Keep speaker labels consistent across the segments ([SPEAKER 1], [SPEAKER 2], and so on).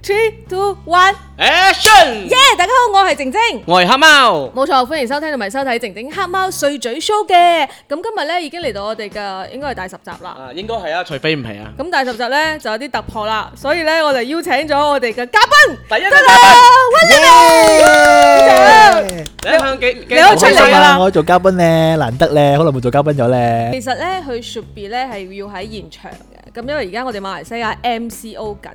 [SPEAKER 1] Three, two, one, action！耶，大家好，我係靜晶，我係黑貓，冇錯，歡迎收聽同埋收睇靜晶黑貓碎嘴 show 嘅。咁今日咧已經嚟到我哋嘅應該係第十集啦，啊，應
[SPEAKER 2] 該係啊，除非唔係啊。
[SPEAKER 1] 咁第十集咧就有啲突破啦，所以咧我哋邀請咗我哋嘅嘉賓，第一輪，第一輪，多謝。你可以出嚟啊！我
[SPEAKER 3] 做嘉賓咧，難得咧，可能冇做嘉賓咗咧。其實
[SPEAKER 1] 咧，佢 should be 咧係要喺現場嘅。咁因為而家我哋馬來西亞 MCO 緊。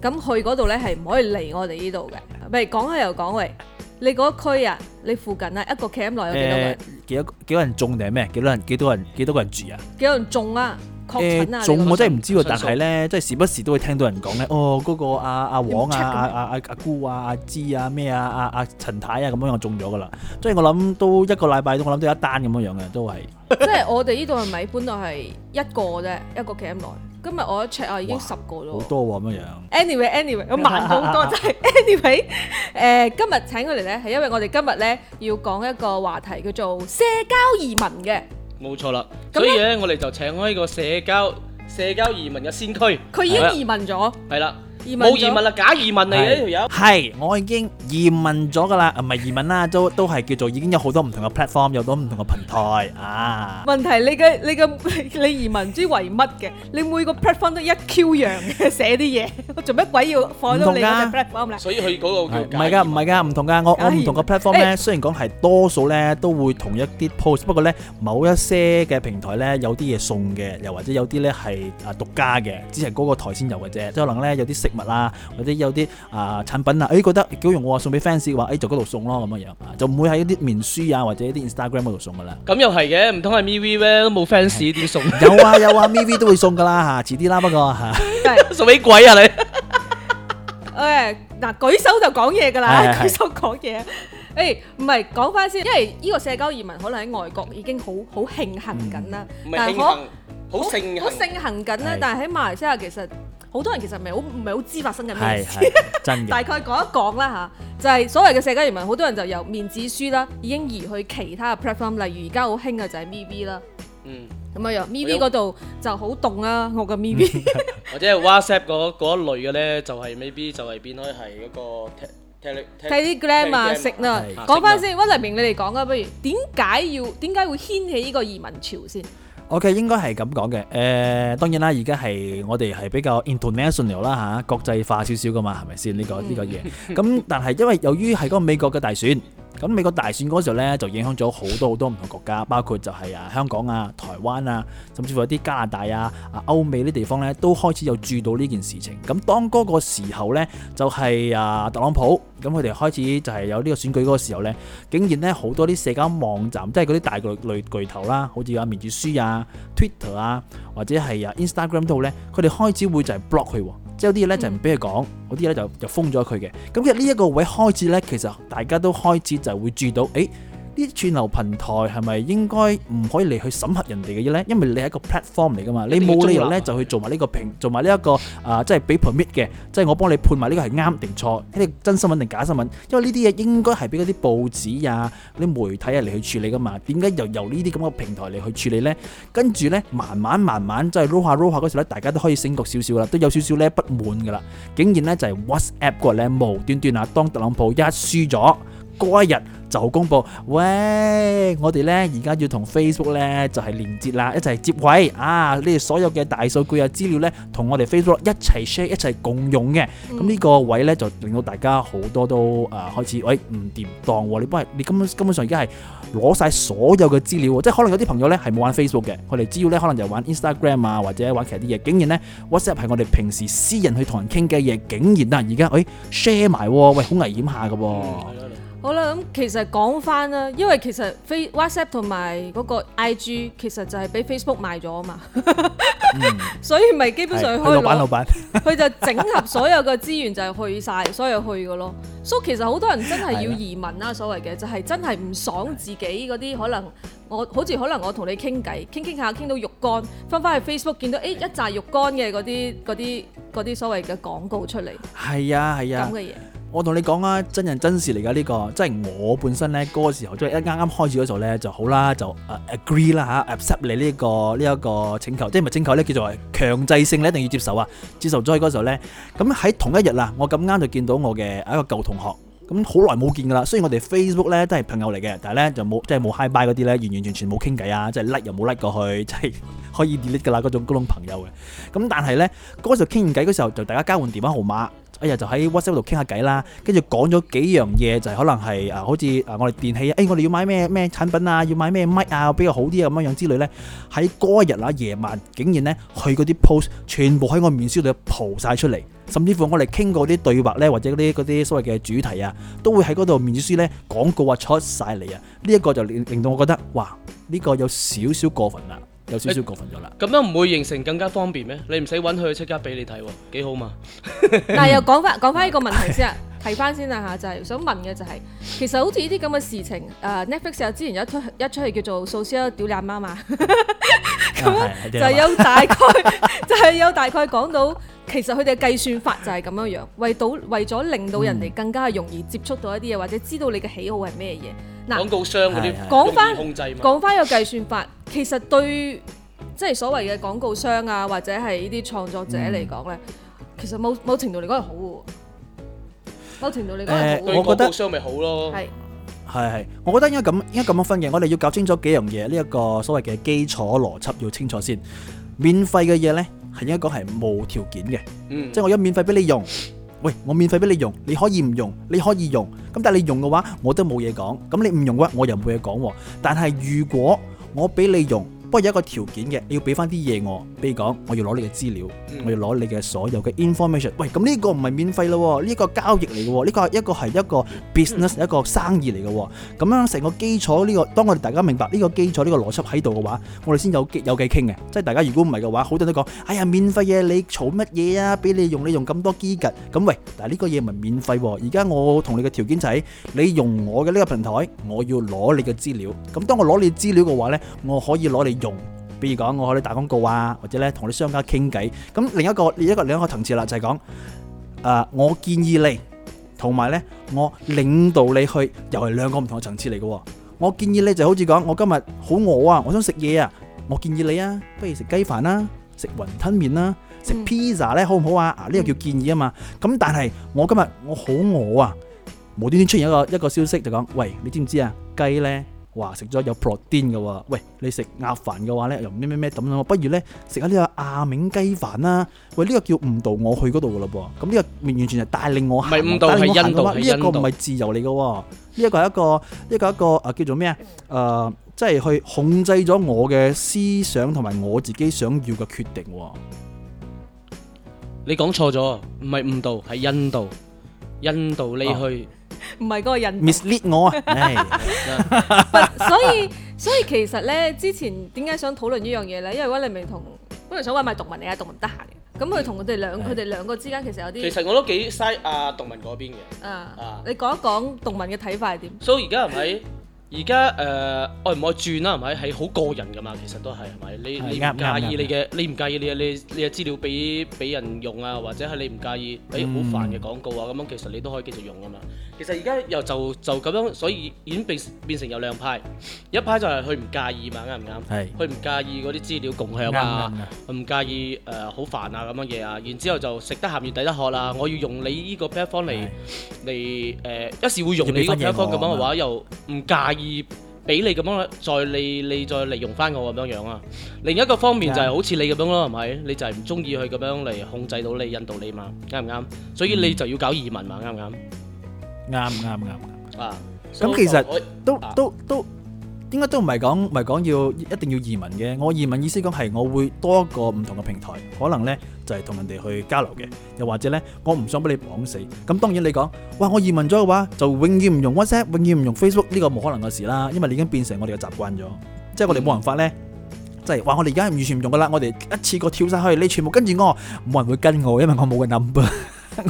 [SPEAKER 1] 咁去嗰度咧，係唔可以嚟我哋呢度嘅。唔係講下又講喂，你嗰區啊，你附近啊，一個 camp 內有幾多個人？呃、
[SPEAKER 3] 幾多幾多人種定係咩？幾多人？幾多人？幾多個人住啊？
[SPEAKER 1] 幾多人種啊？確診啊？種、呃、我真係唔知喎，嗯、但係咧，
[SPEAKER 3] 即係時不時都會聽到人講咧，哦，嗰、那個阿、啊、阿、啊啊、黃啊、阿阿阿阿姑啊、阿芝啊、咩啊、阿、啊、阿、啊啊啊、陳太啊，咁樣我種咗噶啦。即係我諗都一個禮拜都我諗都有一單咁樣樣嘅，都係。
[SPEAKER 1] 即係我哋呢度係咪本來係一個啫？一個 camp 內。今日我一 check 啊，已經十個囉。好
[SPEAKER 3] 多啊，咁樣。
[SPEAKER 1] Anyway，Anyway，我萬眾多就係。Anyway，誒，今日請佢嚟咧，係因為我哋今日咧要講一個話題叫做社交移民嘅。
[SPEAKER 2] 冇錯
[SPEAKER 3] 啦，所以咧
[SPEAKER 2] 我哋就請開個社交社交移民嘅先驅。佢已經移民咗。係啦。冇移民啦，假移民嚟嘅條
[SPEAKER 3] 友。係，我已經移民咗㗎啦，唔係移民啦，都都係叫做已經有好多唔同嘅 platform，有好多唔同嘅平台。啊，
[SPEAKER 1] 問題你嘅你嘅你移民之為乜嘅？你每個 platform 都一 Q 樣嘅寫啲嘢，做乜鬼要放喺你個 platform？唔
[SPEAKER 2] 同㗎，所以佢
[SPEAKER 3] 嗰個唔係㗎，唔係㗎，唔同㗎。我我唔同嘅 platform 咧，雖然講係多數咧都會同一啲 post，不過咧某一些嘅平台咧有啲嘢送嘅，又或者有啲咧係啊獨家嘅，只係嗰個台先有嘅啫，即係可能咧有啲食物啦，或者有啲啊產品啊，哎覺得幾好用，送俾 fans 嘅話，哎就嗰度送咯，咁樣樣，就唔會喺一啲面書啊或者一啲 Instagram 嗰度送噶啦。
[SPEAKER 2] 咁又係嘅，唔通係 MV 咩？都冇 fans 點送？有啊
[SPEAKER 3] 有啊，MV 都會送噶啦，遲啲啦不過吓。送俾鬼啊你！
[SPEAKER 1] 哎嗱，舉手就講嘢噶啦，舉手講嘢。哎唔係講翻先，因為呢個社交移民可能喺外國已經好好慶幸緊啦，但係
[SPEAKER 3] 好
[SPEAKER 2] 好
[SPEAKER 1] 幸好幸幸緊啦，但係喺馬來西亞其實。好多人其實唔係好唔係好知發生緊咩事，大概講一講啦嚇，就係所謂嘅社交移民，好多人就由面子書啦，已經移去其他嘅 platform，例如而家好興嘅就係 MeWe 啦，嗯，咁啊由 MeWe 嗰度就好凍啦，我個 MeWe，
[SPEAKER 2] 或者 WhatsApp 嗰一類嘅咧，就係 maybe 就係變咗係一個 te telegram 啊，食
[SPEAKER 1] 啦，講翻先，温立明你哋講啊，不如點解要點解會掀起呢個移民潮先？
[SPEAKER 3] OK，應該係咁講嘅。誒、呃，當然啦，而家係我哋係比較 international 啦、啊、嚇，國際化少少㗎嘛，係咪先？呢、呢個呢、呢個嘢。咁但係因為由於係嗰個美國嘅大選。咁美國大選嗰時候咧，就影響咗好多好多唔同國家，包括就係啊香港啊、台灣啊，甚至乎一啲加拿大啊、啊歐美啲地方咧，都開始有注意到呢件事情。咁當嗰個時候咧，就係、是、啊特朗普，咁佢哋開始就係有呢個選舉嗰個時候咧，竟然咧好多啲社交網站，即係嗰啲大類巨頭啦、啊，好似啊面子書啊、Twitter 啊，或者係啊 Instagram 都好咧，佢哋開始會就係 block 佢喎。即有啲嘢咧就唔俾佢講，有啲嘢咧就就封咗佢嘅。咁嘅呢一個位開始咧，其實大家都開始就會注意到，誒、欸。啲串流平台係咪應該唔可以嚟去審核人哋嘅嘢咧？因為你係一個 platform 嚟㗎嘛，你冇理由咧就去做埋呢個評，做埋呢一個啊，即係俾 permit 嘅，即係我幫你判埋呢個係啱定錯，呢個真新聞定假新聞？因為呢啲嘢應該係俾嗰啲報紙啊、啲媒體啊嚟去處理㗎嘛。點解又由呢啲咁嘅平台嚟去處理咧？跟住咧，慢慢慢慢即係 roll 下 roll 下嗰時咧，大家都可以醒覺少少啦，都有少少咧不滿㗎啦。竟然咧就係 WhatsApp 過嚟咧無端端啊，當特朗普一輸咗，嗰一日就公布，喂，我哋呢，而家要同 Facebook 呢，就係、是、連接啦，一齊接位啊！你哋所有嘅大數據啊資料呢，同我哋 Facebook 一齊 share 一齊共用嘅。咁呢、嗯、個位呢，就令到大家好多都啊、呃、開始，喂唔掂當喎、哦。你不係你根本根本上而家係攞晒所有嘅資料，即係可能有啲朋友呢，係冇玩 Facebook 嘅，佢哋資料呢，可能就玩 Instagram 啊或者玩其他啲嘢。竟然呢 WhatsApp 係我哋平時私人去同人傾嘅嘢，竟然等人而家誒 share 埋，喂好、哦、危險下噶。
[SPEAKER 1] 好啦，咁其實講翻啦，因為其實 WhatsApp 同埋嗰個 IG 其實就係俾 Facebook 賣咗啊嘛，嗯、 所以咪基本上可以。老老闆，佢就拿 整合所有嘅資源就，就係去晒所有去嘅咯。所、so, 以其實好多人真係要移民啦，的所謂嘅就係、是、真係唔爽自己嗰啲的可能，我好似可能我同你傾偈，傾傾下傾到肉乾，翻翻去 Facebook 見到誒、哎、一紮肉乾嘅嗰啲嗰啲啲所謂嘅廣告出嚟。
[SPEAKER 3] 係啊的，係啊的，咁嘅嘢。我同你講啊，真人真事嚟噶呢個，即係我本身呢嗰個時候，即係一啱啱開始嗰時候呢就好啦，就 agree 啦吓 accept 你呢個呢一個請求，即係咪係請求呢？叫做強制性咧，一定要接受啊，接受咗嗰時候呢，咁喺同一日啊，我咁啱就見到我嘅一個舊同學，咁好耐冇見噶啦，雖然我哋 Facebook 呢都係朋友嚟嘅，但係呢就冇即係冇 high bye 嗰啲呢，完完全全冇傾偈啊，即係甩又冇甩過去，即係可以 delete 噶啦嗰種嗰種朋友嘅，咁但係呢，嗰時候傾完偈嗰時候就大家交換電話號碼。一日就喺 WhatsApp 度傾下偈啦，跟住講咗幾樣嘢，就係、就係、可能係啊，好似啊我哋電器啊，哎我哋要買咩咩產品啊，要買咩麥啊比較好啲啊，乜樣之類呢。喺嗰一日啊夜晚，竟然呢，去嗰啲 post 全部喺我面書度蒲曬出嚟，甚至乎我哋傾過啲對話呢，或者啲嗰啲所謂嘅主題啊，都會喺嗰度面書呢廣告啊出晒嚟啊，呢、呢、一個就令令到我覺得，哇呢、呢個有少少過分啦、啊。有少少過分咗啦，
[SPEAKER 2] 咁樣唔會形成更加方便咩？你唔使揾佢出街俾你睇喎，幾好嘛？
[SPEAKER 1] 但係又講翻講翻呢個問題先啊， 提翻先啊吓，就係、是、想問嘅就係、是，其實好似呢啲咁嘅事情，誒、啊、Netflix 之前有一出一出戲叫做《掃 C 屌你阿媽》嘛， 樣啊、就有大概 就係有大概講到，其實佢哋嘅計算法就係咁樣樣，為到為咗令到人哋更加容易接觸到一啲嘢， 或者知道你嘅喜好係咩嘢。
[SPEAKER 2] 廣告商嗰啲講
[SPEAKER 1] 翻講翻個計算法，其實對，即係所謂嘅廣告商啊，或者係呢啲創作者嚟講咧，嗯、其實某某程度嚟講係好嘅，某程度嚟
[SPEAKER 2] 講，誒、欸，我覺得廣告商咪
[SPEAKER 3] 好咯，係係係，我覺得應該咁應該咁樣分嘅，我哋要搞清楚幾樣嘢，呢、這、一個所謂嘅基礎邏輯要清楚先。免費嘅嘢咧係應該講係無條件嘅，嗯、即係我一免費俾你用。喂，我免費俾你用，你可以唔用，你可以用，咁但你用嘅話，我都冇嘢講。咁你唔用嘅話，我又冇嘢講喎。但係如果我俾你用，不過有一個條件嘅，你要俾翻啲嘢我，比如講，我要攞你嘅資料，我要攞你嘅所有嘅 information。喂，咁呢個唔係免費咯，呢個交易嚟嘅，呢個一個係一個 business，一個生意嚟嘅。咁樣成個基礎呢個，當我哋大家明白呢個基礎呢個邏輯喺度嘅話，我哋先有有計傾嘅。即係大家如果唔係嘅話，好多人都講，哎呀，免費嘢你儲乜嘢啊？俾你用，你用你用咁多機勁，咁喂，但係呢個嘢唔係免費喎。而家我同你嘅條件就係你用我嘅呢個平台，我要攞你嘅資料。咁當我攞你資料嘅話呢，我可以攞你，用，比如講我可以打廣告啊，或者咧同啲商家傾偈。咁另一個，另一個，兩個層次啦，就係、是、講，誒、呃，我建議你，同埋呢我領導你去，又係兩個唔同嘅層次嚟嘅。我建議你就好似講，我今日好餓啊，我想食嘢啊，我建議你啊，不如食雞飯啦，食雲吞麵啦、啊，食 pizza 咧，好唔好啊？啊，呢、這個叫建議啊嘛。咁但係我今日我好餓啊，無端端出現一個一個消息就講，喂，你知唔知啊？雞呢。」話食咗有 protein 嘅喎，喂，你食鴨飯嘅話咧，又咩咩咩咁樣，不如咧食下呢個亞明雞飯啦。喂，呢個叫誤導我去嗰度嘅嘞噃，咁呢個完完全係帶領我行，唔係誤導，係印度，帶領我行嘅話，呢一個唔係自由嚟嘅喎，呢一個係一個，呢個一個啊叫做咩啊，誒，即係去控制咗我嘅思想同埋我自己想要嘅決定。
[SPEAKER 2] 你講錯咗，唔係誤導，係印度，印度你去。
[SPEAKER 1] 唔係嗰個人，mislead 我啊！所以所以其實咧，之前點解想討論呢樣嘢咧？因為温利明同本來想揾埋獨文嚟啊，獨文得閒嘅。咁佢同佢哋兩佢哋兩個之間其實有啲，其實
[SPEAKER 2] 我都幾嘥啊獨文嗰邊嘅。啊，
[SPEAKER 1] 你講一講獨文嘅睇法係點？
[SPEAKER 2] 所以而家係咪。而家誒愛唔愛轉啦，係咪係好個人㗎嘛，其實都係，係咪？你你唔介意你嘅，你唔介意你你你嘅資料俾俾人用啊，或者係你唔介意誒好煩嘅廣告啊，咁樣其實你都可以繼續用啊嘛。其實而家又就就咁樣，所以已經變變成有兩派。一派就係佢唔介意嘛，啱唔啱？佢唔介意啲資料共享啊，佢唔介意誒好煩啊咁樣嘢啊。然之後就食得鹹魚抵得渴啦，我要用你呢個 platform 嚟嚟誒一時會用你個 platform 咁樣嘅話又唔介。而俾你咁樣，再你你再利用翻我咁樣樣啊！另一個方面就係好似你咁樣咯，係咪？你就係唔中意去咁樣嚟，控制到你印度你嘛？啱唔啱？所以你就要搞移民嘛？啱唔啱？啱啱啱啊！
[SPEAKER 3] 咁其實都都都應該都唔係講唔係講要一定要移民嘅。我移民意思講係我會多一個唔同嘅平台，可能咧。就係同人哋去交流嘅，又或者呢，我唔想俾你綁死。咁當然你講，哇！我移民咗嘅話，就永遠唔用 WhatsApp，永遠唔用，Facebook，呢個冇可能嘅事啦，因為你已經變成我哋嘅習慣咗。即係我哋冇辦法呢，即係話我哋而家完全唔用噶啦，我哋一次過跳曬去，你全部跟住我，冇人會跟我，因為我冇個 number。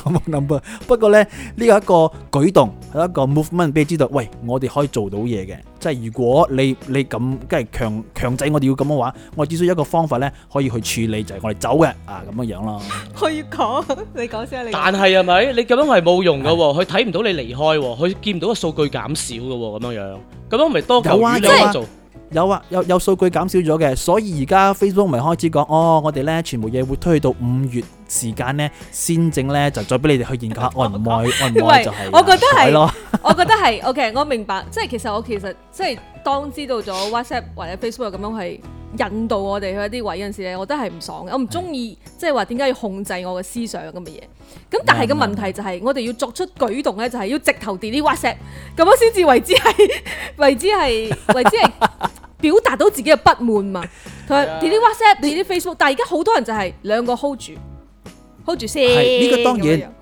[SPEAKER 3] 我冇諗啊， 不過咧呢個一個舉動係一個 movement 俾你知道，喂，我哋可以做到嘢嘅，即係如果你你咁，即係強強制我哋要咁嘅話，我只需要一個方法咧可以去處理，就係、是、我哋走嘅啊咁嘅樣咯。
[SPEAKER 1] 可以講，你講先、啊、你。
[SPEAKER 3] 但係
[SPEAKER 2] 係咪你咁樣係冇用噶，佢睇唔到你離開，佢見唔到個數據減少噶，咁樣樣，咁樣咪多個有啊，有啊做。
[SPEAKER 3] 有啊，有有數據減少咗嘅，所以而家 Facebook 咪開始講，哦，我哋咧全部嘢會推去到五月時間咧，先正咧就再俾你哋去研究下。我愛唔愛，愛唔愛就係，啊，我覺得係，改咯
[SPEAKER 1] 我覺得係 ，OK，我明白，即係其實我其實即係當知道咗 WhatsApp 或者 Facebook 咁樣係。引導我哋去一啲位嗰陣時咧，我都係唔爽嘅，我唔中意即係話，點解要控制我嘅思想咁嘅嘢。咁但係個問題就係、是，的我哋要作出舉動咧，就係、是、要直頭 delete WhatsApp，咁樣先至為之係為之係 為之係表達到自己嘅不滿嘛。同埋 delete WhatsApp，delete 的 Facebook，但係而家好多人就係兩個 hold 住，hold 住先。係呢、這個當然。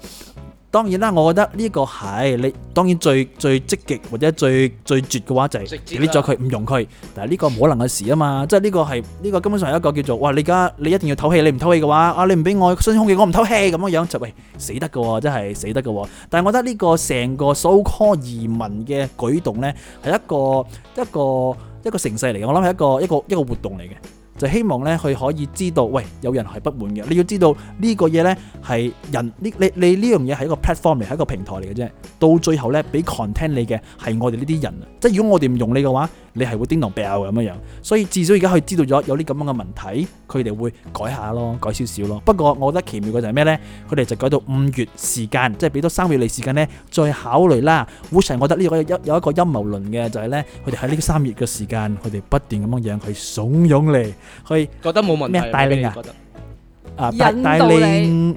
[SPEAKER 3] 當然啦，我覺得呢個係你當然最最積極或者最最絕嘅話就係撇咗佢，唔用佢，但係呢個冇可能嘅事啊嘛，即係呢個係呢個根本上係一個叫做哇！你而家你一定要唞氣，你唔唞氣嘅話啊，你唔俾我新鮮空氣，我唔唞氣咁樣樣就喂，死得㗎喎，真係死得㗎喎。但係我覺得呢個成個 so call 移民嘅舉動呢係一個一個一個成勢嚟嘅，我諗係一個一個一個活動嚟嘅。就希望咧，佢可以知道，喂，有人係不滿嘅。你要知道呢個嘢咧，係人呢，你你呢樣嘢係一個 platform 嚟，係一個平台嚟嘅啫。到最後咧，俾 content 你嘅，係我哋呢啲人啊。即係如果我哋唔用你嘅話，你係會叮當爆咁樣樣，所以至少而家佢知道咗有啲咁樣嘅問題，佢哋會改下咯，改少少咯。不過我覺得奇妙嘅就係咩咧？佢哋就改到五月時間，即係俾多三月你時間咧，再考慮啦。我成日覺得呢個有有一個陰謀論嘅，就係咧，佢哋喺呢個三月嘅時間，佢哋不斷咁樣樣去慫恿你，去覺得冇問題，帶領啊，啊帶領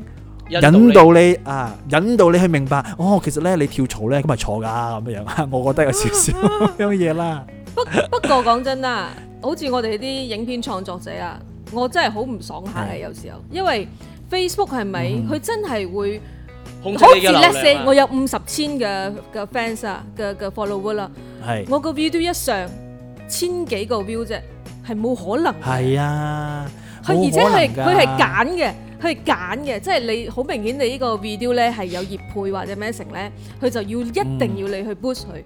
[SPEAKER 3] 引導你啊，引導你去明白，哦，其實咧你跳槽咧咁係錯噶咁樣樣。我覺得有少少咁嘅嘢啦。
[SPEAKER 1] 不不過講真啦，好似我哋啲影片創作者啊，我真係好唔爽下嘅的有時候，因為 Facebook 係咪佢、嗯、真係會
[SPEAKER 2] 好似 Let's say 我
[SPEAKER 1] 有五十千嘅嘅 fans 啊嘅嘅 follower 啦，
[SPEAKER 2] 係
[SPEAKER 3] 的我
[SPEAKER 1] 個 video 一上千幾個 view 啫，係冇可能嘅。係啊，
[SPEAKER 3] 佢而且係佢係揀
[SPEAKER 1] 嘅，佢係揀嘅，即係、就是、你好明顯你呢個 video 咧係有熱配或者 message 咧，佢就要一定要你去 boost 佢、嗯。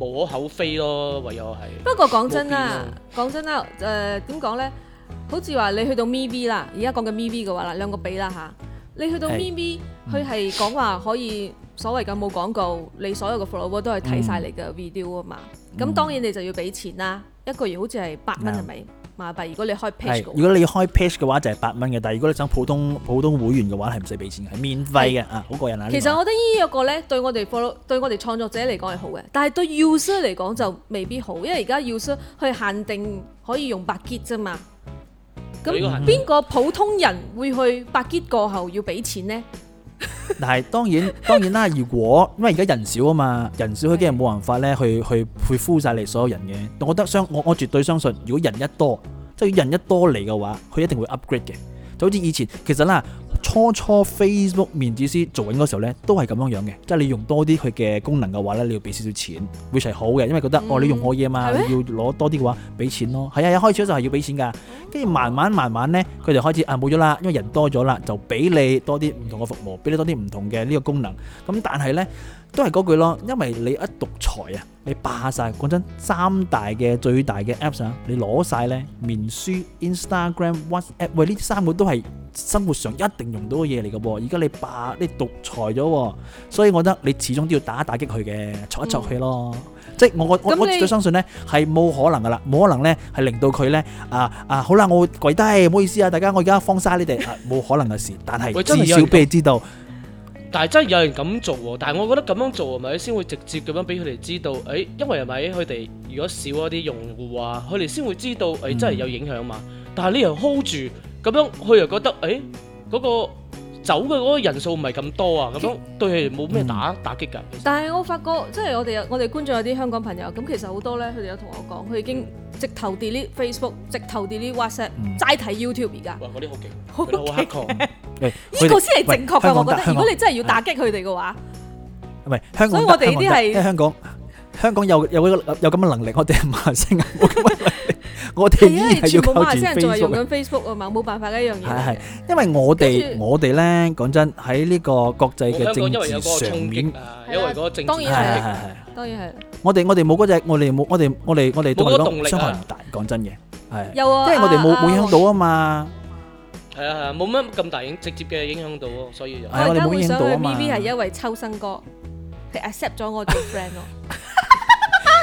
[SPEAKER 2] 無可厚非咯，唯有係。不過講真啦，
[SPEAKER 1] 講真啦，誒點講呢？好似話你去到 MV 啦，而家講緊 MV 嘅話啦，兩個比啦吓、啊，你去到 MV，佢係講話可以所謂嘅冇廣告，你所有嘅 follower 都係睇晒你嘅 video 啊嘛，咁、嗯、當然你就要俾錢啦，一個月好似係八蚊係咪？如果你開 page，如
[SPEAKER 3] 果你開 page 嘅話就係八蚊嘅，但係如果你想普通普通會員嘅話係唔使俾錢嘅，係免費嘅是啊，好過癮啊！其實我覺
[SPEAKER 1] 得呢一個咧對我哋 for 我哋創作者嚟講係好嘅，但係對 user 嚟講就未必好，因為而家 user 去限定可以用八 get 啫嘛，咁邊個普通人會去八 get 過後要俾錢呢？
[SPEAKER 3] 但係當然，當然啦。如果因為而家人少啊嘛，人少佢梗係冇辦法咧的，去去去敷晒你所有人嘅。我覺得相我我絕對相信，如果人一多，即係人一多嚟嘅話，佢一定會 upgrade 嘅。就好似以前，其實啦，初初 Facebook 面子書做緊嗰時候咧，都係咁樣樣嘅。即係你用多啲佢嘅功能嘅話咧，你要俾少少錢，which 係好嘅，因為覺得、嗯、哦，你用我嘢嘛，的你要攞多啲嘅話，俾錢咯。係啊，一開始就係要俾錢噶。跟住慢慢慢慢咧，佢就開始啊冇咗啦，因為人多咗啦，就俾你多啲唔同嘅服務，俾你多啲唔同嘅呢個功能。咁、嗯、但係咧，都係嗰句咯，因為你一獨裁啊，你霸晒，講真，三大嘅最大嘅 apps 啊，你攞晒咧，面書、Instagram、WhatsApp，喂，呢三個都係生活上一定用到嘅嘢嚟嘅喎。而家你霸，你獨裁咗，所以我覺得你始終都要打一打擊佢嘅，挫一挫佢咯。即我我我我自己相信咧係冇可能噶啦，冇可能咧係令到佢咧啊啊好啦，我跪低唔好意思啊，大家我而家放晒你哋冇可能嘅事，但係真係少俾佢知道。
[SPEAKER 2] 但係真係有人咁做，但係我覺得咁樣做係咪先會直接咁樣俾佢哋知道。誒，因為係咪佢哋如果少一啲用戶啊，佢哋先會知道誒真係有影響嘛。但係呢樣 hold 住咁樣，佢又覺得誒嗰個。走嘅嗰個人數唔係咁多啊，咁樣對佢哋冇咩打打擊㗎。但
[SPEAKER 1] 係我發覺，即係我哋我哋觀眾有啲香港朋友，咁其實好多咧，佢哋有同我講，佢已經直頭 delete Facebook，直頭 delete WhatsApp，齋睇 YouTube 而家。
[SPEAKER 2] 哇！
[SPEAKER 3] 嗰啲好勁，好勁。呢個先係正確㗎，我覺得。如果你真係要打
[SPEAKER 1] 擊佢哋嘅話，
[SPEAKER 3] 唔係香港。所以我哋呢啲係香港，香港有有有咁嘅能力，我哋係慢升我哋依係要用緊
[SPEAKER 1] Facebook 啊嘛，冇辦法嘅一樣嘢。係係，
[SPEAKER 3] 因為我哋我哋咧，講真喺呢個國際嘅政治上面，
[SPEAKER 1] 因為嗰個政治係係係，當然係。
[SPEAKER 3] 我哋我哋冇嗰隻，我哋冇我哋我哋我哋都係講傷害唔大，講真嘅係。有啊，即係我哋冇冇影響到啊嘛。
[SPEAKER 2] 係啊，冇乜咁大影直接嘅影響到，所以係我哋
[SPEAKER 3] 冇影響到啊嘛。我哋互相嘅 B B 係
[SPEAKER 1] 因為秋生哥係 accept 咗我做 friend 咯。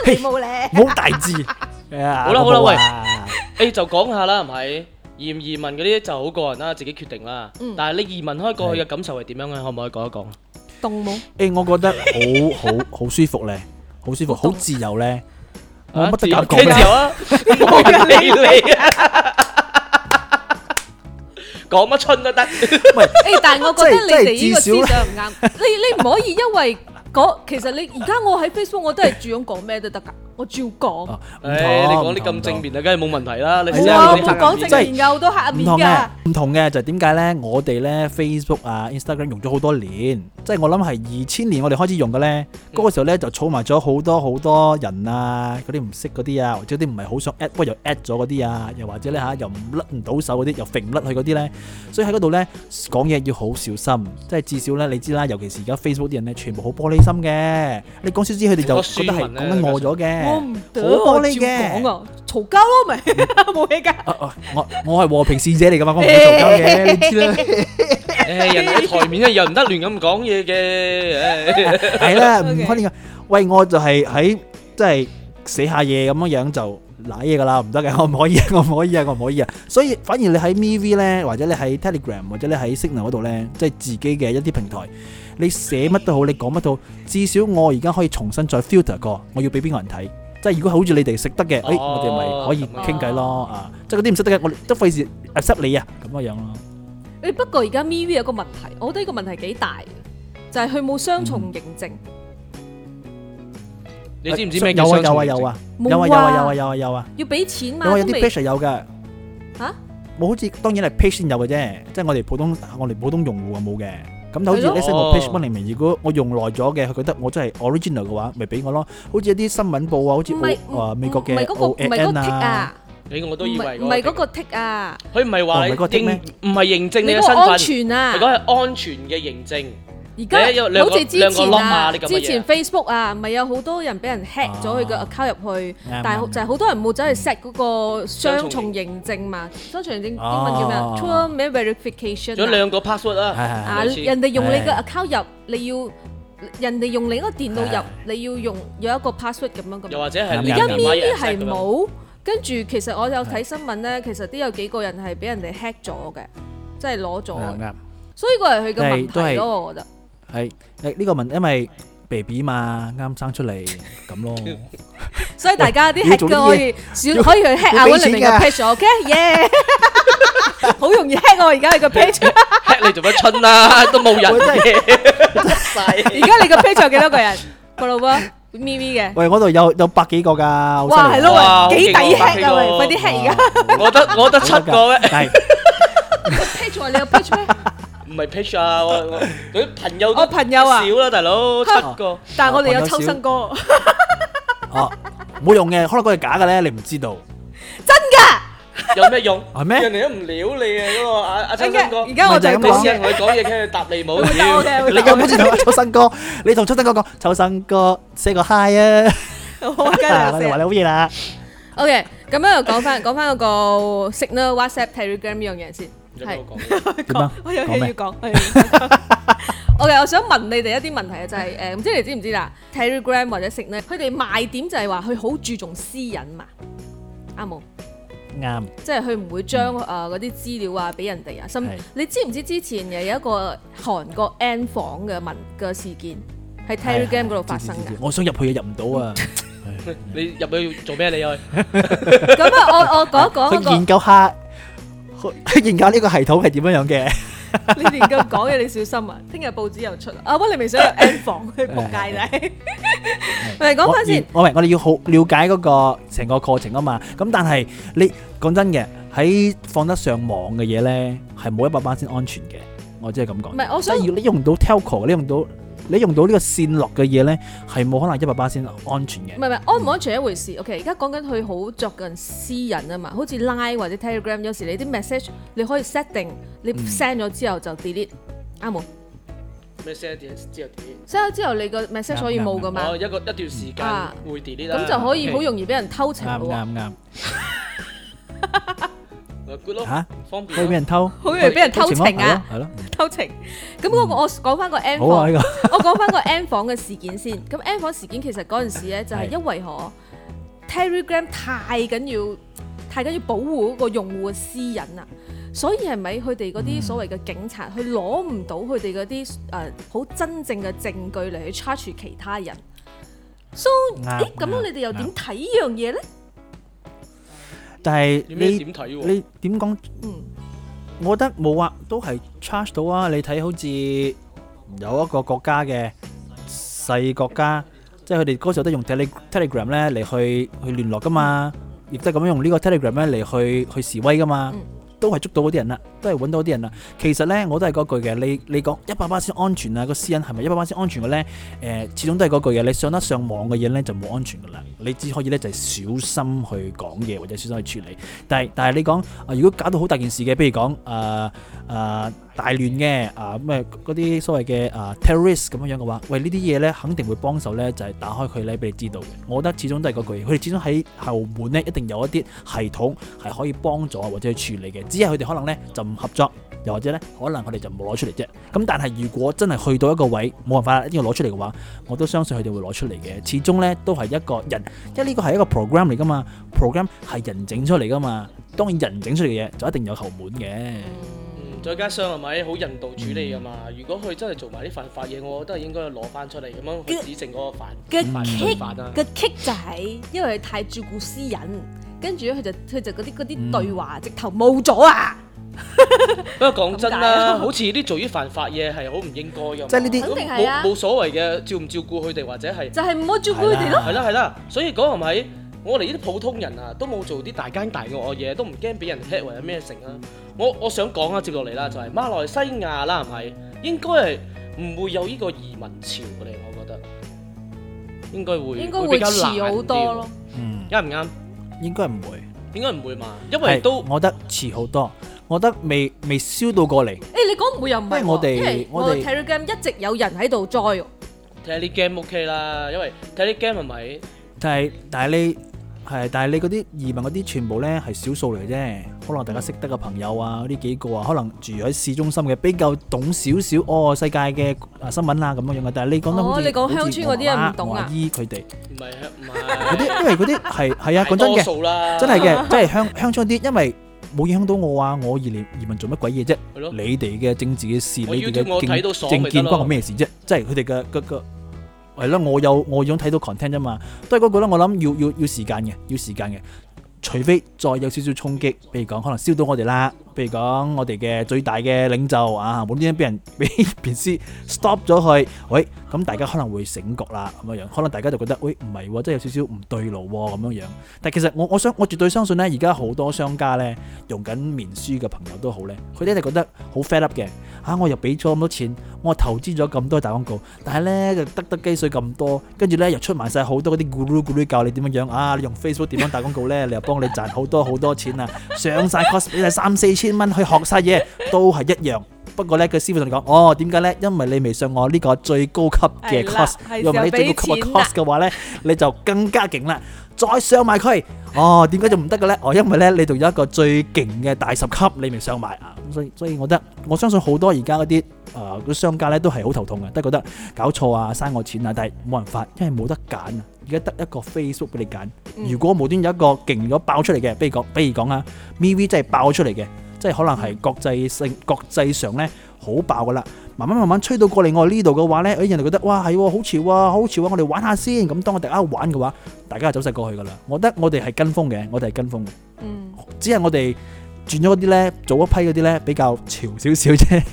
[SPEAKER 3] 你冇咧，冇大字。好啦好啦，喂，
[SPEAKER 2] 誒，就講下啦，唔係，移唔移民嗰啲就好個人啦，自己決定啦。但係你移民開過去嘅感受係點樣嘅，可唔可以講一講？
[SPEAKER 1] 凍冇？
[SPEAKER 3] 誒，我覺得好好好舒服咧，好舒服，好自由咧。乜自由。講乜自
[SPEAKER 2] 由啊？冇理你啊！講乜春都得。誒，但係我覺得你哋呢
[SPEAKER 1] 個思想唔啱。你你唔可以因為講，其實你而家我喺 Facebook 我都係住咁講咩都得噶。我照講，
[SPEAKER 2] 誒、啊哎、你講啲咁正面同啊，梗係冇問題啦。冇啊，冇
[SPEAKER 1] 講正面嘅，好多黑面嘅。
[SPEAKER 3] 唔同嘅就點解咧？我哋咧 Facebook 啊、Instagram 用咗好多年，即係我諗係二千年我哋開始用嘅咧。嗰個時候咧就儲埋咗好多好多人啊，嗰啲唔識嗰啲啊，或者啲唔係好想 at，不過又 at 咗嗰啲啊，又或者咧嚇又唔甩唔到手嗰啲，又揈甩去嗰啲咧。所以喺嗰度咧講嘢要好小心，即係至少咧你知啦，尤其是而家 Facebook 啲人咧，全部好玻璃心嘅。你講少啲，佢哋就覺得係講緊我咗嘅。我唔得，我照講
[SPEAKER 1] 啊！嘈交咯，咪冇嘢噶。
[SPEAKER 3] 我我係和平使者嚟噶嘛，我唔會嘈交嘅，你知啦。誒，人哋喺台面
[SPEAKER 2] 啊，又唔得亂咁講嘢嘅。係啦，唔可
[SPEAKER 3] 以噶。喂，我就係喺即係寫下嘢咁樣樣就舐嘢噶啦，唔得嘅，我唔可以，我唔可以啊，我唔可以啊。所以反而你喺 MV 咧，或者你喺 Telegram，或者你喺 Signal 嗰度咧，即係自己嘅一啲平台。你寫乜都好，你講乜都好，至少我而家可以重新再 filter 過，我要俾邊個人睇。即係如果好似你哋識得嘅，誒，我哋咪可以傾偈咯，啊！即係嗰啲唔識得嘅，我都費事 accept 你啊，咁嘅樣咯。
[SPEAKER 1] 誒，不過而家 MeWe 有個問題，我覺得呢個問題幾大，就係佢冇雙重認證。
[SPEAKER 2] 你知唔知咩叫雙重認
[SPEAKER 3] 證？有啊有啊有啊，冇啊有啊有啊有啊有啊，
[SPEAKER 1] 要俾錢嘛？我有啲 page 有嘅。吓？
[SPEAKER 3] 冇好似當然係 page 先有嘅啫，即係我哋普通我哋普通用戶啊冇嘅。咁就好似呢些 page one 零零，如果我用耐咗嘅，佢覺得我真係 original 嘅話，咪俾我咯。好似一啲新聞報 o, 沒啊，好似啊美國嘅 t i O N 啊，
[SPEAKER 2] 誒我都以為，唔係嗰個
[SPEAKER 1] tick 啊，
[SPEAKER 2] 佢唔係話認，唔係認證你嘅身份，如果係安全嘅認證。而家好似之前啊，之前
[SPEAKER 1] Facebook 啊，咪有好多人俾人 hack 咗佢嘅 account 入去，但係就係好多人冇走去 set 嗰個雙重認證嘛，雙重認證英文叫咩啊？Two 咩 verification？有兩個
[SPEAKER 2] password 啊！人哋用你嘅
[SPEAKER 1] account 入，你要人哋用另一個電腦入，你要用有一個 password 咁樣咁。又或者係而家呢啲係冇，跟住其實我有睇新聞咧，其實都有幾個人係俾人哋 hack 咗嘅，即係攞咗。所以個係佢嘅問題咯，我覺得。
[SPEAKER 3] 係誒，呢個問，因為 baby 嘛，啱生出嚟，咁咯，所以大家啲 hit 嘅，可
[SPEAKER 1] 以，可以去 hit 我嚟個 page，ok 耶，好容易 hit 我而家個
[SPEAKER 2] page，hit 你做乜春啊？都冇人，真係，出晒。
[SPEAKER 1] 而家你個 page 有幾多個人？個老婆咪咪嘅，
[SPEAKER 3] 喂我度有有百幾個噶。哇係咯，幾抵 hit 噶，喂
[SPEAKER 1] 快啲 hit 而家，
[SPEAKER 2] 我得我得七個咩？係 page 坐你個 page 咩？唔係 page 啊！我朋友我朋友啊少啦，大佬七個，但係我哋有抽生哥，
[SPEAKER 3] 哦冇用嘅，可能佢係假嘅咧，你唔知道真
[SPEAKER 2] 噶，有咩用？係咩？人哋都唔撩你啊！嗰個阿阿抽生哥，而家我就每次同佢講嘢，佢都答你冇嘅。你又唔知道
[SPEAKER 3] 抽生哥？你同抽生哥講，抽生哥 say 個 hi 啊！好
[SPEAKER 1] 嘅，我哋話你好嘢啦。OK，咁啊，講翻講翻嗰個 Signal、WhatsApp、Telegram 呢樣嘢先。
[SPEAKER 3] 係，我有嘢要
[SPEAKER 1] 講。我又想問你哋一啲問題啊，就係誒，唔知你知唔知啦？Telegram 或者 Signal，佢哋賣點就係話佢好注重私隱嘛？啱冇？
[SPEAKER 3] 啱。
[SPEAKER 1] 即係佢唔會將誒嗰啲資料啊俾人哋啊，甚。你知唔知之前誒有一個韓國 N 房嘅文嘅事件喺 Telegram 嗰度發生
[SPEAKER 3] 嘅？我想入去又入唔到啊！
[SPEAKER 2] 你入去做咩？你去？咁啊？我
[SPEAKER 1] 我講一講。研
[SPEAKER 3] 究下。去研究呢個系統係點樣樣嘅？
[SPEAKER 1] 你連咁講嘅，你小心啊！聽日報紙又出啦。阿威，你咪想入 N 房去扑街仔？
[SPEAKER 3] 唔係，講翻先，我明我哋要好了解嗰個成個課程啊嘛。咁但係你講真嘅，喺放得上網嘅嘢咧，係冇一百巴仙先安全嘅。我只係咁講。唔係，我想要你用唔到 Telco，你用唔到。你用到呢個線落嘅嘢咧，係冇可能一百巴仙安全嘅。
[SPEAKER 1] 唔係唔係，安唔安全一回事。OK，而家講緊佢好著緊私隱啊嘛，好似 Line 或者 Telegram，有時你啲 message 你可以 set 定，你 send 咗之後就 delete 啱冇？
[SPEAKER 2] 咩 send 咗之後 delete？send 咗之後你個 message 可以冇噶嘛？哦，一個一段時間會 delete。
[SPEAKER 1] 咁就可以好容易俾人偷情喎。
[SPEAKER 3] 啱啱。吓，方便俾人偷，好容易俾人偷情啊！係咯，
[SPEAKER 1] 偷情。咁我我講翻個 N 房，我講翻個 N 房嘅事件先。咁 N 房事件其實嗰陣時咧，就係因為何 Telegram 太緊要，太緊要保護嗰個用戶嘅私隱啦。所以係咪佢哋嗰啲所謂嘅警察，去攞唔到佢哋嗰啲誒好真正嘅證據嚟去 charge 其他人？So 咁樣你哋又點睇呢樣嘢咧？
[SPEAKER 3] 但係你點睇啊、你點講？嗯，我覺得冇啊，都係 charge 到啊！你睇好似有一個國家嘅細國家，即係佢哋嗰時候都用 Te telegram 咧嚟去去聯絡噶嘛，亦都係咁樣用個呢個 telegram 咧嚟去去示威噶嘛。嗯都係捉到嗰啲人啦，都係揾到啲人啦。其實呢，我都係嗰句嘅。你你講一百萬先安全啊？個私隱係咪一百萬先安全嘅呢？呃，誒，始終都係嗰句嘅。你上得上網嘅嘢呢，就冇安全噶啦。你只可以呢，就小心去講嘢或者小心去處理。但係但係你講啊，呃，如果搞到好大件事嘅，比如講啊啊。呃呃大亂嘅啊，咩嗰啲所謂嘅啊 terrorist 咁樣樣嘅話，喂呢啲嘢咧，肯定會幫手咧，就係打開佢咧俾你知道嘅。我覺得始終都係嗰句，佢哋始終喺後門咧一定有一啲系統係可以幫助或者去處理嘅，只係佢哋可能咧就唔合作，又或者咧可能佢哋就冇攞出嚟啫。咁但係如果真係去到一個位冇辦法一定要攞出嚟嘅話，我都相信佢哋會攞出嚟嘅。始終咧都係一個人，因為呢個係一個 program 嚟噶嘛，program 係人整出嚟噶嘛，當然人整出嚟嘅嘢就一定有後門嘅。
[SPEAKER 2] 再加上係咪好人道處理㗎嘛？如果佢真係做埋啲犯法嘢，我覺得應該攞翻出嚟咁樣，指證嗰個犯犯法啊！個
[SPEAKER 1] kick 就係因為太照顧私隱，跟住咧佢就佢就嗰啲嗰啲對話直頭冇咗啊！
[SPEAKER 2] 不過講真啦，好似啲做啲犯法嘢係好唔應該㗎，即係呢啲冇冇所謂嘅照唔照顧佢哋或者係就係唔好
[SPEAKER 1] 照顧佢哋咯，係
[SPEAKER 2] 啦係啦，所以講係咪？我哋呢啲普通人啊，都冇做啲大奸大惡嘅嘢，都唔驚俾人 pat 或者咩成啊！我我想講啊，接落嚟啦，就係馬來西亞啦，係咪？應該係唔會有呢個移民潮過嚟，我覺得應該會應該會遲好多咯。嗯，啱唔啱？
[SPEAKER 3] 應該唔會，
[SPEAKER 2] 應該唔會嘛。因為都
[SPEAKER 3] 我覺得遲好多，我覺得未未燒到過嚟。
[SPEAKER 2] 誒，你講唔會又唔係我哋我哋 Telegram 一直有人喺度 join。Telegram OK 啦，因為 Telegram 係咪？
[SPEAKER 3] 但係但係你？係，但係你嗰啲移民嗰啲全部咧係少數嚟啫，可能大家識得嘅朋友啊，呢幾個啊，可能住喺市中心嘅，比較懂少少哦世界嘅啊新聞啊咁樣樣嘅。但係你講得好，你講鄉村啲佢哋，唔係啊，嗰啲因為嗰啲係係啊，講真嘅，真係嘅，即係鄉鄉村啲，因為冇影響到我啊，我移民移民做乜鬼嘢啫？你哋嘅政治嘅事，你哋嘅政政見關我咩事啫？即係佢哋嘅個個。係咯，我有我樣睇到 content 啫嘛，都係嗰句啦。我諗要要要時間嘅，要時間嘅，除非再有少少衝擊，比如講可能燒到我哋啦。譬如講我哋嘅最大嘅領袖啊，冇端端俾人俾面書 stop 咗佢，喂， 咁、哎、大家可能會醒覺啦，咁樣樣，可能大家就覺得，喂、哎，唔係喎，真係有少少唔對路喎、哦，咁樣樣。但其實我我想我絕對相信咧，而家好多商家咧，用緊面書嘅朋友都好咧，佢哋一直覺得好 fed up 嘅。嚇、啊，我又俾咗咁多錢，我投資咗咁多大廣告，但係咧就得得雞碎咁多，跟住咧又出埋晒好多嗰啲 guru 教你點樣樣，啊，你用 Facebook 點樣打廣告咧，你又幫你賺好多好多錢啊，上晒 cost 俾你三四千。千蚊去學晒嘢都係一樣， 不過呢，個師傅同你講，哦，點解呢？因為你未上我呢個最高級嘅 course 因為你最高級嘅 course 嘅話呢，你就更加勁啦。再上埋佢，哦，點解就唔得嘅呢？ 哦，因為呢，你仲有一個最勁嘅大十級，你未上埋啊，咁所以，所以我覺得我相信好多而家嗰啲誒商家呢，都係好頭痛嘅，都覺得搞錯啊，嘥我錢啊，但係冇辦法，因為冇得揀啊，而家得一個 Facebook 俾你揀。嗯、如果無端有一個勁咗爆出嚟嘅，比如講，比如講啊，V V 真係爆出嚟嘅。即係可能係國際性國際上咧好爆噶啦，慢慢慢慢吹到過嚟我呢度嘅話咧，誒人哋覺得哇係好潮啊，好潮啊，我哋玩下先。咁當我哋啱玩嘅話，大家係走晒過去噶啦。我覺得我哋係跟風嘅，我哋係跟風嘅。嗯，只係我哋轉咗嗰啲咧，早一批嗰啲咧比較潮少少啫。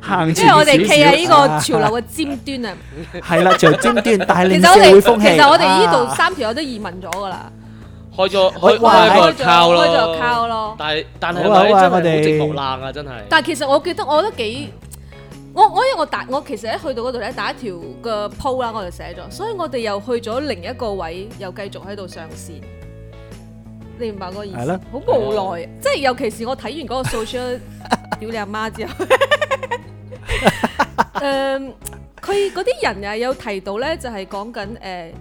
[SPEAKER 3] 行住少少。我哋企喺呢個潮流
[SPEAKER 1] 嘅尖端啊。
[SPEAKER 3] 係啦，潮流尖端，但係令社會風氣。其實我哋呢度
[SPEAKER 1] 三條友都移民咗噶啦。
[SPEAKER 2] 開咗開開咗開咗 account 咯，開咯，但係但係我真係好寂寞冷啊，真係。啊啊、但
[SPEAKER 1] 係其實我記得我覺得幾，我我因為我打我，我，我其實咧去到嗰度咧打一條嘅 po 啦，我就寫咗，所以我哋又去咗另一個位，又繼續喺度上線。你明白嗰意思？好的無奈，的即係尤其是我睇完嗰個數出屌你阿媽之後。嗯，佢嗰啲人啊有提到咧，就係講緊誒。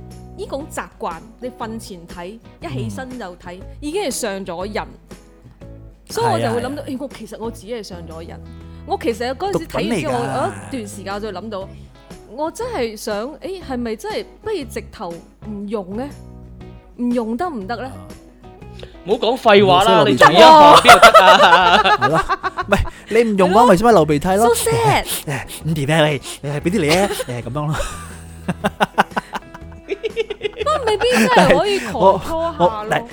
[SPEAKER 1] 呢種習慣，你瞓前睇，一起身又睇，已經係上咗癮，
[SPEAKER 3] 所以我就會諗到，
[SPEAKER 1] 誒，我其實我自己係上咗癮，我其實嗰陣時睇完之後，有一段時間就諗到，我真係想，誒，係咪真係不如直頭唔用咧？唔用得唔得咧？
[SPEAKER 3] 唔好講廢話啦，你做咩？唔係你唔用嘅話，為咗咩流鼻涕咯？咁點啊？你係俾啲你啊？你係咁樣咯？
[SPEAKER 1] 真係
[SPEAKER 3] 可以狂拖下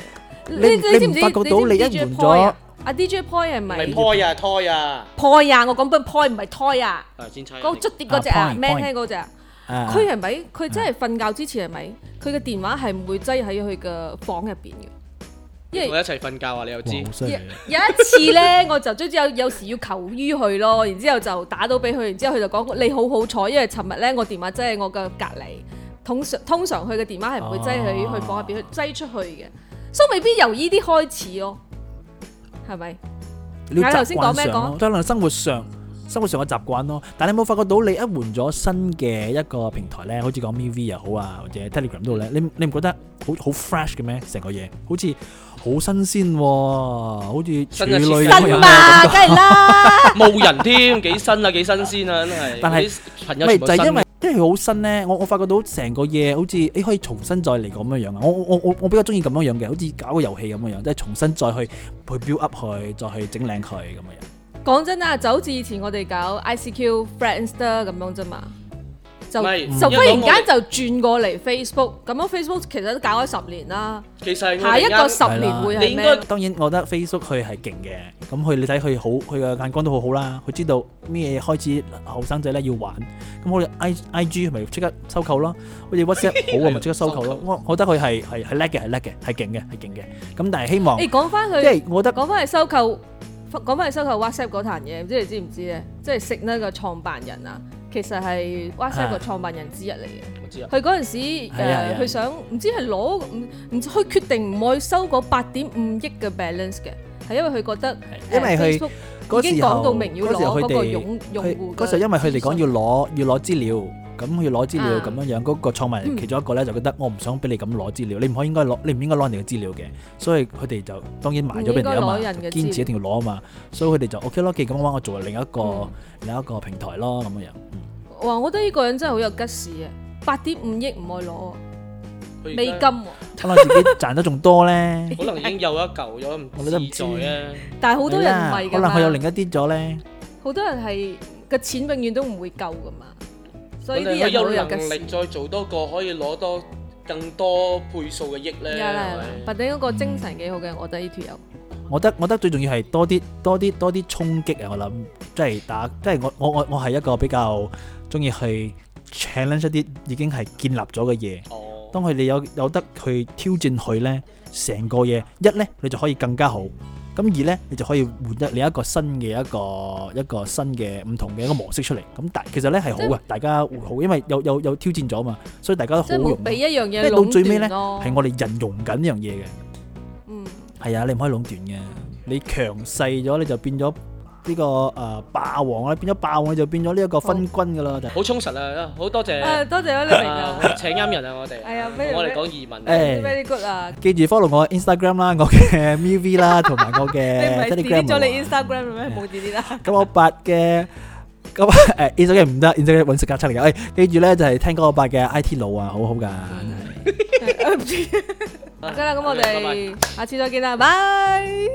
[SPEAKER 3] 你，你你唔知唔發覺到你一換咗
[SPEAKER 1] 阿 DJ p o y 係咪？係 Po 啊 Po 呀，Po 呀！我講緊 Po 唔係 Toy 啊，
[SPEAKER 2] 剪輯捽
[SPEAKER 1] 碟嗰隻啊 man 聽嗰隻。
[SPEAKER 2] 佢係
[SPEAKER 1] 咪？佢真係瞓覺之前係咪？佢嘅電話係唔會擠喺佢嘅房入邊嘅。
[SPEAKER 2] 因為我一齊瞓覺啊，你又知。有
[SPEAKER 1] 一次咧，我就即之有有時要求於佢咯，然之後就打到俾佢，然之後佢就講，你好好彩，因為尋日咧我電話即係我嘅隔籬。通常通常佢嘅電話係唔會擠佢去房入面去擠出去嘅，所以未必由依啲開始咯，係咪？喺
[SPEAKER 3] 度習慣上，你頭先講咩？講生活上生活上嘅習慣咯。但係你有冇發覺到你一換咗新嘅一個平台咧，好似講 MeWe 又好啊，或者 Telegram 都好咧，你你唔覺得好好 fresh 嘅咩？成個嘢好似好新鮮喎，好似處女咁啊，梗係啦，
[SPEAKER 2] 冇人添幾新啊，幾新鮮啊，真係！但係朋友唔係新。
[SPEAKER 3] 即係好新咧，我我發覺到成個嘢好似你、欸、可以重新再嚟個咁樣樣啊！我我我我比較中意咁樣樣嘅，好似搞個遊戲咁樣樣，即係重新再去去 build up 佢，再去整靚佢咁樣樣。
[SPEAKER 1] 講真啊，走至以前我哋搞 ICQ、Friendster 咁樣啫嘛。就、嗯、就忽然間就轉過嚟 Facebook，咁樣、嗯、Facebook 其實都搞咗十年啦。
[SPEAKER 3] 其實下一個十年會係咩？應該當然我覺得 Facebook 佢係勁嘅，咁佢你睇佢好，佢嘅眼光都好好啦。佢知道咩嘢開始後生仔咧要玩，咁我哋 I I G 咪即刻收購咯，好似 WhatsApp 好嘅咪即刻收購咯。我 我覺得佢係係係叻嘅，係叻嘅，係勁嘅，係勁嘅。咁但係希望，你講
[SPEAKER 1] 翻佢，即係我覺得講翻係收購。講翻去收購 WhatsApp 嗰壇嘢，唔知你知唔知咧？即係 Signal 嘅創辦人啊，其實係 WhatsApp 個創辦人之一嚟嘅、啊。我知啊。佢嗰陣時佢、呃、想唔知係攞唔唔去決定唔會收嗰八點五億嘅 balance 嘅，係因為佢覺得。因為佢、uh, Facebook 已經講到明要攞嗰個用戶。嗰時
[SPEAKER 3] 因為佢哋講要攞要攞資料。咁要攞資料咁樣樣，嗰個創辦人，其中一個咧就覺得我唔想俾你咁攞資料，你唔可應該攞，你唔應該攞人哋嘅資料嘅。所以佢哋就當然賣咗俾人啊嘛，堅持一定要攞啊嘛。所以佢哋就 OK 咯，既咁嘅話，我做另一個另一個平台咯咁樣。
[SPEAKER 1] 哇，我覺得呢個人真係好有吉事啊！八點五億唔愛攞美金，
[SPEAKER 3] 可能自己賺得仲多咧。可能已經有一嚿，咗，我覺得唔在。
[SPEAKER 1] 但係好多人唔係㗎，可能佢有另
[SPEAKER 3] 一啲咗咧。
[SPEAKER 1] 好多人係個錢永遠都唔會夠噶嘛。
[SPEAKER 2] 我哋有冇能力再做多個可以攞多更多倍數嘅益咧？或
[SPEAKER 1] 者嗰個精神幾好嘅？我覺得呢條友，
[SPEAKER 3] 我覺得我覺得最重要係多啲多啲多啲衝擊啊！我諗即係打即係我我我我係一個比較中意去 challenge 一啲已經係建立咗嘅嘢。當佢哋有有得去挑戰佢咧，成個嘢一咧，你就可以更加好。咁而咧，你就可以換得你一個新嘅一個一個新嘅唔同嘅一個模式出嚟。咁但其實咧係好嘅，即大家會好，因為有有有挑戰咗嘛，所以大家都好容
[SPEAKER 1] 易。即係到最尾咧，係
[SPEAKER 3] 我哋人融緊呢樣嘢嘅。嗯，係啊，你唔可以壟斷嘅，你強勢咗你就變咗。呢個誒霸王咧變咗霸王，就變咗呢一個分軍噶啦，好
[SPEAKER 2] 充實啊！好多謝誒，多謝啊！你請啱人啊，我哋係啊，我哋講移民
[SPEAKER 3] 誒，very good 啊！記住 follow 我 Instagram 啦，我嘅 MV 啦，同埋我嘅 Instagram，你唔係點點咗你 Instagram 咩？冇點點啊！咁我八嘅咁誒 Instagram 唔得，Instagram 揾食隔出嚟噶。誒記住咧，就係聽嗰個八嘅 IT 佬啊，好好噶。
[SPEAKER 1] 唔知啊，好啦，咁我哋下次再見啦，拜。